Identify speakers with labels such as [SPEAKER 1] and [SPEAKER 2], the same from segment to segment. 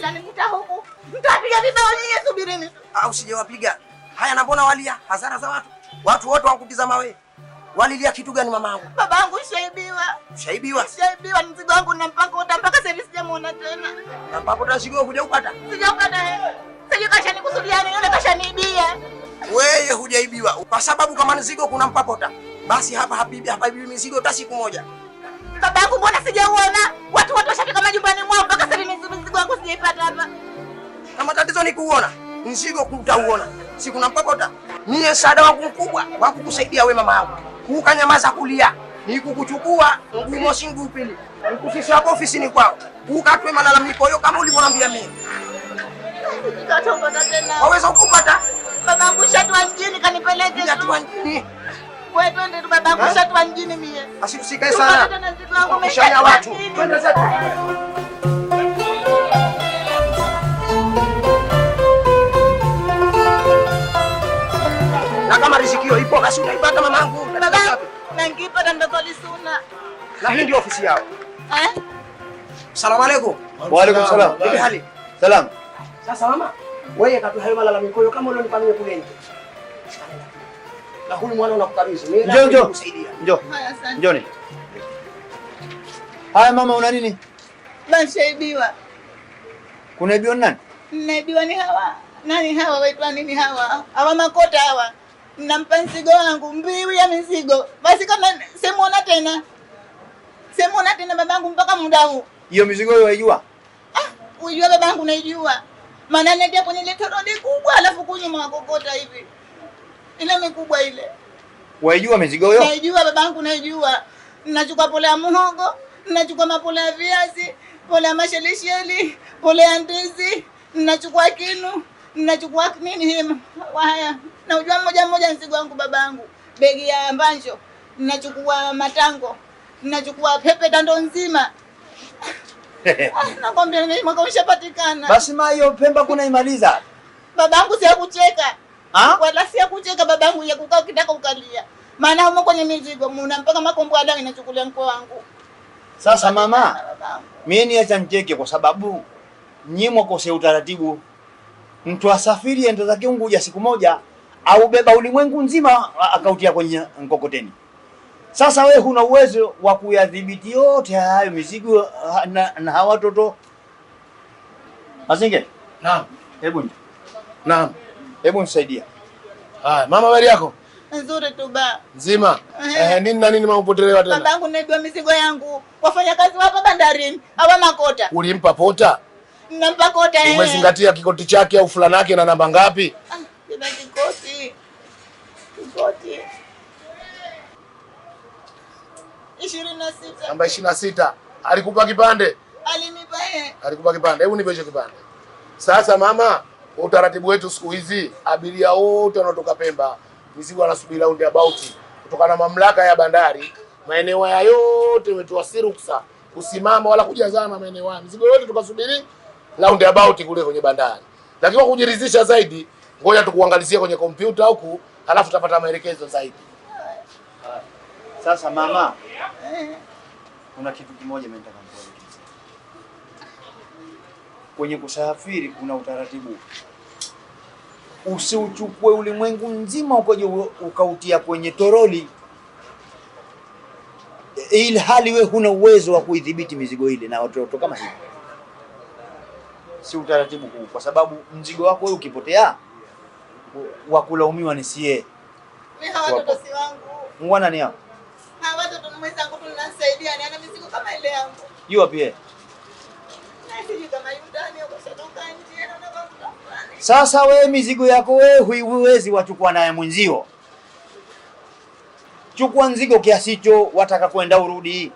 [SPEAKER 1] huku huku, mtawapiga vibao nyinyi, subirini.
[SPEAKER 2] Au ah, usijawapiga haya, na mbona walia hasara za watu? Watu wote wakutizama wewe. Walilia kitu gani mamangu?
[SPEAKER 1] Babangu shaibiwa. Shaibiwa? Shaibiwa mzigo wangu na mpango wote mpaka sasa hivi sijamuona tena.
[SPEAKER 2] Na mpango tashigo hujaupata?
[SPEAKER 1] Sijaupata yeye. Sasa kasha nikusudia nini? Yule kasha niibia.
[SPEAKER 2] Wewe hujaibiwa. Kwa sababu kama mzigo kuna mpapota. Basi hapa habibi hapa bibi mizigo hata siku moja.
[SPEAKER 1] Babangu mbona sijauona? Watu wote washafika majumbani mzigo wako sijaipata hapa.
[SPEAKER 2] Na matatizo ni kuona mzigo kutauona, si kuna mkokota. Mimi msaada wangu mkubwa wa kukusaidia wewe mama yangu, ukanyamaza kulia ni kukuchukua ngumo singu pili nikushisha hapo ofisini kwao, ukatwe malalamiko hiyo kama ulivyoniambia mimi. Waweza kupata
[SPEAKER 1] babangu shatwa mjini, kanipeleke
[SPEAKER 2] shatwa mjini.
[SPEAKER 1] Wewe twende tu, babangu eh? shatwa mjini mie.
[SPEAKER 2] Asikushikae sana, kushanya watu, twende zetu. hiyo ipo basi unaipata mamangu.
[SPEAKER 1] Na ngipata ndazali suna.
[SPEAKER 2] Na hii ndio ofisi yao. Eh? Salamu alaykum.
[SPEAKER 3] Wa alaykum salam. Bibi hali. Salam.
[SPEAKER 2] Sasa mama, wewe katu hayo malalamiko hiyo kama ulionipa kule nje. Na huyu mwana unakukabidhi. Mimi
[SPEAKER 3] ndio nakusaidia. Njoo. Njoni. Haya mama, una nini?
[SPEAKER 1] Nashaibiwa. Kunaibiwa nani? Naibiwa ni hawa. Nani hawa waitwa nini hawa? Hawa makota hawa nampa msigo wangu mbiwi ya mizigo. Basi kama simuona tena, simuona tena babangu mpaka muda huu.
[SPEAKER 3] Hiyo mizigo hiyo waijua?
[SPEAKER 1] Ah, uijua babangu, naijua maana natia kwenye ile toroli kubwa, alafu kunyuma wakokota hivi, ile mikubwa ile.
[SPEAKER 3] Waijua mizigo hiyo?
[SPEAKER 1] Naijua babangu, naijua. Nachukua pole ya muhogo, nachukua mapole ya viazi, pole ya mashelisheli, pole ya ndizi, nachukua kinu, nachukua nini hii, haya na ujua mmoja mmoja mzigo wangu babangu, begi ya mbanjo ninachukua, matango ninachukua, pepe dando nzima nakwambia mwaka umeshapatikana.
[SPEAKER 3] Basi ma hiyo Pemba kuna imaliza
[SPEAKER 1] babangu, si yakucheka wala si yakucheka babangu, ya kukaa ukitaka ukalia, maana humo kwenye mizigo muna mpaka makombo adaga inachukulia mko wangu.
[SPEAKER 2] Sasa mama, mimi niacha nicheke kwa sababu nyinyi mwakosea utaratibu, mtu asafiri enda zake Unguja siku moja aubeba ulimwengu nzima akautia kwenye mkokoteni. Sasa we huna uwezo wa kuyadhibiti yote hayo mizigo na, na hawa watoto Asinge.
[SPEAKER 3] Naam. Hebu Naam. Hebu nisaidia. Haya, mama habari yako?
[SPEAKER 1] Nzuri tu ba.
[SPEAKER 3] Nzima. Eh, nini na nini maupotelewa tena?
[SPEAKER 1] Babangu naibiwa mizigo yangu. wafanya kazi wapo bandarini hawa makota.
[SPEAKER 3] Ulimpa pota?
[SPEAKER 1] Nampa kota.
[SPEAKER 3] Umezingatia kikoti chake au fulana yake na namba ngapi?
[SPEAKER 1] Ah. Tena kikoti kikoti ishirini na sita
[SPEAKER 3] namba ishirini na sita alikupa kipande?
[SPEAKER 1] Alinipa yeye.
[SPEAKER 3] Alikupa kipande? Hebu nipe hicho kipande. Sasa mama, utaratibu wetu siku hizi abiria wote wanaotoka Pemba mizigo anasubiri round about, kutokana na mamlaka ya bandari maeneo haya yote imetoa si ruksa kusimama wala kujazana maeneo haya, mizigo yote tukasubiri round about kule kwenye bandari, lakini kwa kujiridhisha zaidi Ngoja tukuangalizie kwenye kompyuta huku, halafu tutapata maelekezo zaidi.
[SPEAKER 2] Sasa mama, kuna eh, kitu kimoja mimi nataka nikuelekeze. Kwenye kusafiri kuna utaratibu, usiuchukue ulimwengu nzima ukoje ukautia kwenye toroli ili hali we huna uwezo wa kuidhibiti mizigo ile na watoto kama hivi, si utaratibu huu, kwa sababu mzigo wako wewe ukipotea wa kulaumiwa ni sie.
[SPEAKER 1] Mimi hawa watoto si wangu. Mwana ni hapo. Hawa watoto ni mwenza wangu tunasaidia ni yaani ana mizigo kama ile yangu.
[SPEAKER 3] Yua pia.
[SPEAKER 2] Sasa we mizigo yako we huiwezi wachukua naye mwenzio. Chukua mzigo kiasi kiasicho, wataka kwenda urudi.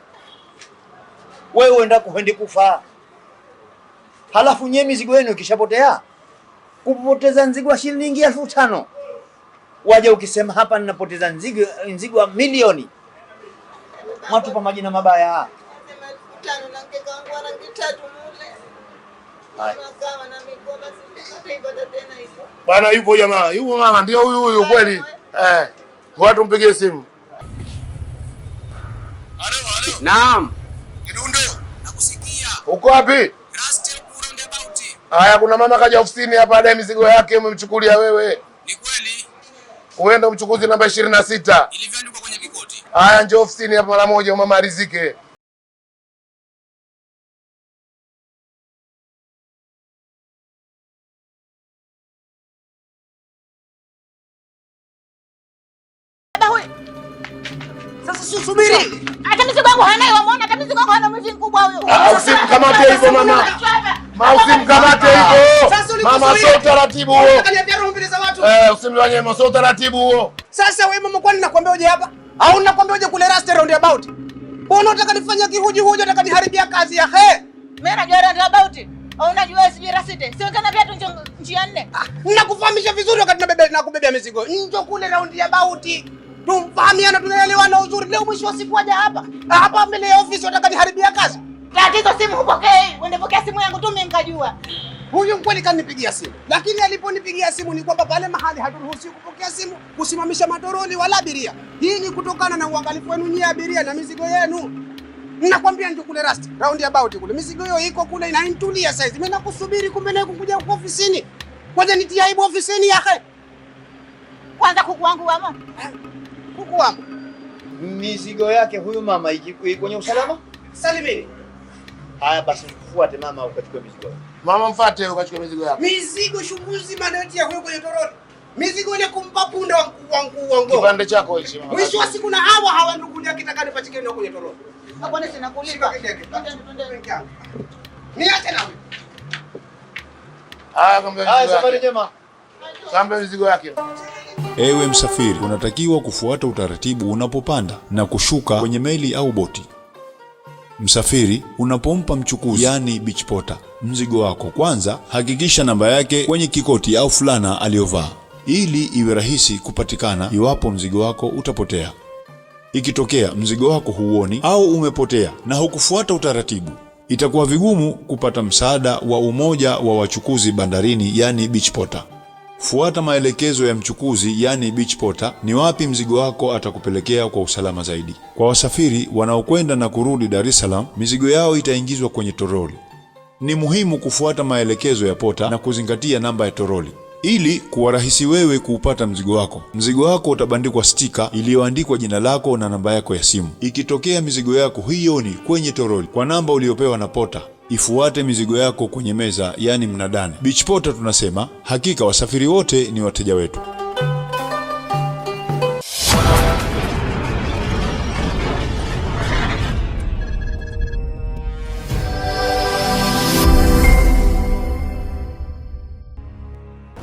[SPEAKER 2] Wewe uenda kuhendi kufa. Halafu nye mizigo yenu ikishapotea kupoteza nzigo wa shilingi elfu tano waje ukisema hapa ninapoteza nzigo nzigo wa milioni, pa majina mabaya.
[SPEAKER 3] Bwana yupo jamaa, yupo mama, ndio huyu huyu kweli. Eh, watu mpigie simu. Naam,
[SPEAKER 2] Kidundo, nakusikia.
[SPEAKER 3] Uko wapi? Haya, kuna mama kaja ofisini hapa, ada ya mizigo yake umemchukulia wewe. Ni kweli wewe ndo mchukuzi namba ishirini na sita
[SPEAKER 2] ilivyoandikwa kwenye mikoti.
[SPEAKER 3] Haya, njoo ofisini hapa mara moja, mama arizike.
[SPEAKER 2] Subiri.
[SPEAKER 1] Hata mizigo yangu hana, waona hata mizigo yangu hana mzigo mkubwa huyo.
[SPEAKER 3] Ah, usikamate hivyo mama. Mausimkamate hivyo mama, sio utaratibu huo. Eh, usimwanye mama, sio utaratibu huo.
[SPEAKER 2] Sasa wewe mama, kwani nakwambia uje hapa au nakwambia uje kule rasta round about? Mbona unataka nifanye kihuji huji, unataka niharibia kazi ya he?
[SPEAKER 1] Mimi najua round about. Au unajua sijui rasite. Sio kama pia tunjo nchi ya nne.
[SPEAKER 2] Ninakufahamisha ah, vizuri wakati nabeba na kubebea mizigo. Njo kule round about. Tumfahamiana, tunaelewana uzuri. Leo mwisho wa siku aje hapa. Ah, hapa mbele ya ofisi unataka niharibia kazi.
[SPEAKER 1] Tatizo simu hupokei, unapokea simu yangu tu mimi nikajua.
[SPEAKER 2] Huyu mkweli kanipigia simu, lakini aliponipigia simu ni kwamba pale mahali haturuhusi kupokea simu, kusimamisha matoroli wala abiria. Hii ni kutokana na uangalifu wenu nyie abiria na mizigo yenu. Ninakwambia ndio kule rust round about kule mizigo hiyo iko kule na inaintulia saizi. Mimi nakusubiri, kumbe naye kukuja huko ofisini. Kwanza nitia aibu ofisini yake.
[SPEAKER 1] Kwanza kuku wangu wama. Eh, kuku wangu.
[SPEAKER 2] Mizigo yake huyu mama iko kwenye usalama? Salimini. Haya basi mfuate mama, ukachukue mizigo yako.
[SPEAKER 3] Mama mfuate, ukachukue mizigo yako.
[SPEAKER 2] Mizigo shughuli zima ya huyo kwenye toroli. Mizigo ile kumpa punda wangu wangu.
[SPEAKER 3] Kipande chako hichi mama.
[SPEAKER 2] Mwisho wa siku na hawa hawa ndugu ndio kitakani nipachike ndio kwenye toroli.
[SPEAKER 1] Hapo ni nisi nakulipa.
[SPEAKER 2] Niache na wewe. Haya kumbe. Haya safari njema.
[SPEAKER 3] Sambe mizigo yake.
[SPEAKER 4] Ewe msafiri, unatakiwa kufuata utaratibu unapopanda na kushuka kwenye meli au boti. Msafiri unapompa mchukuzi, yani beach porter, mzigo wako, kwanza hakikisha namba yake kwenye kikoti au fulana aliyovaa ili iwe rahisi kupatikana iwapo mzigo wako utapotea. Ikitokea mzigo wako huoni au umepotea na hukufuata utaratibu, itakuwa vigumu kupata msaada wa umoja wa wachukuzi bandarini, yani beach porter. Fuata maelekezo ya mchukuzi, yani beach porter, ni wapi mzigo wako atakupelekea kwa usalama zaidi. Kwa wasafiri wanaokwenda na kurudi Dar es Salaam, mizigo yao itaingizwa kwenye toroli. Ni muhimu kufuata maelekezo ya pota na kuzingatia namba ya toroli ili kuwarahisi wewe kuupata mzigo wako. Mzigo wako utabandikwa stika iliyoandikwa jina lako na namba yako ya simu. Ikitokea mizigo yako hiyo ni kwenye toroli kwa namba uliyopewa na pota, ifuate mizigo yako kwenye meza, yaani mnadani. Beach Porter tunasema hakika wasafiri wote ni wateja wetu.